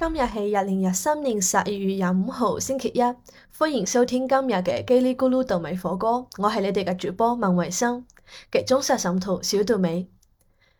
今日係二零二三年十二月廿五號，星期一。歡迎收聽今日嘅嘰里咕嚕豆米火鍋，我係你哋嘅主播文慧生，集中攝像頭，小豆米。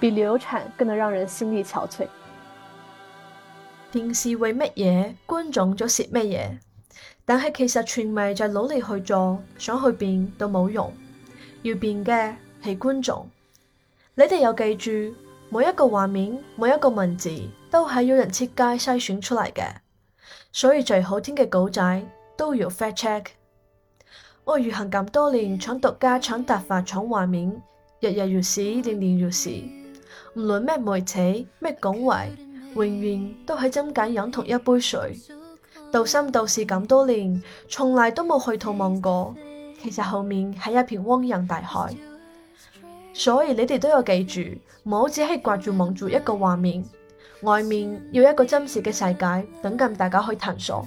比流產更能讓人心力憔悴。電視為乜嘢，觀眾就食乜嘢。但係其實傳媒就是努力去做，想去變都冇用。要變嘅係觀眾。你哋要記住，每一個畫面、每一個文字都係有人設計篩選出嚟嘅。所以最好聽嘅故仔都要 fact check。我入行咁多年，搶獨家、搶突發、搶畫面，日日如是，年年如是。無論咩媒體，咩崗位，永遠都喺爭緊飲同一杯水，鬥心鬥事咁多年，從來都冇去探望過，其實後面係一片汪洋大海，所以你哋都要記住，唔好只係掛住望住一個畫面，外面有一個真實嘅世界，等緊大家去探索。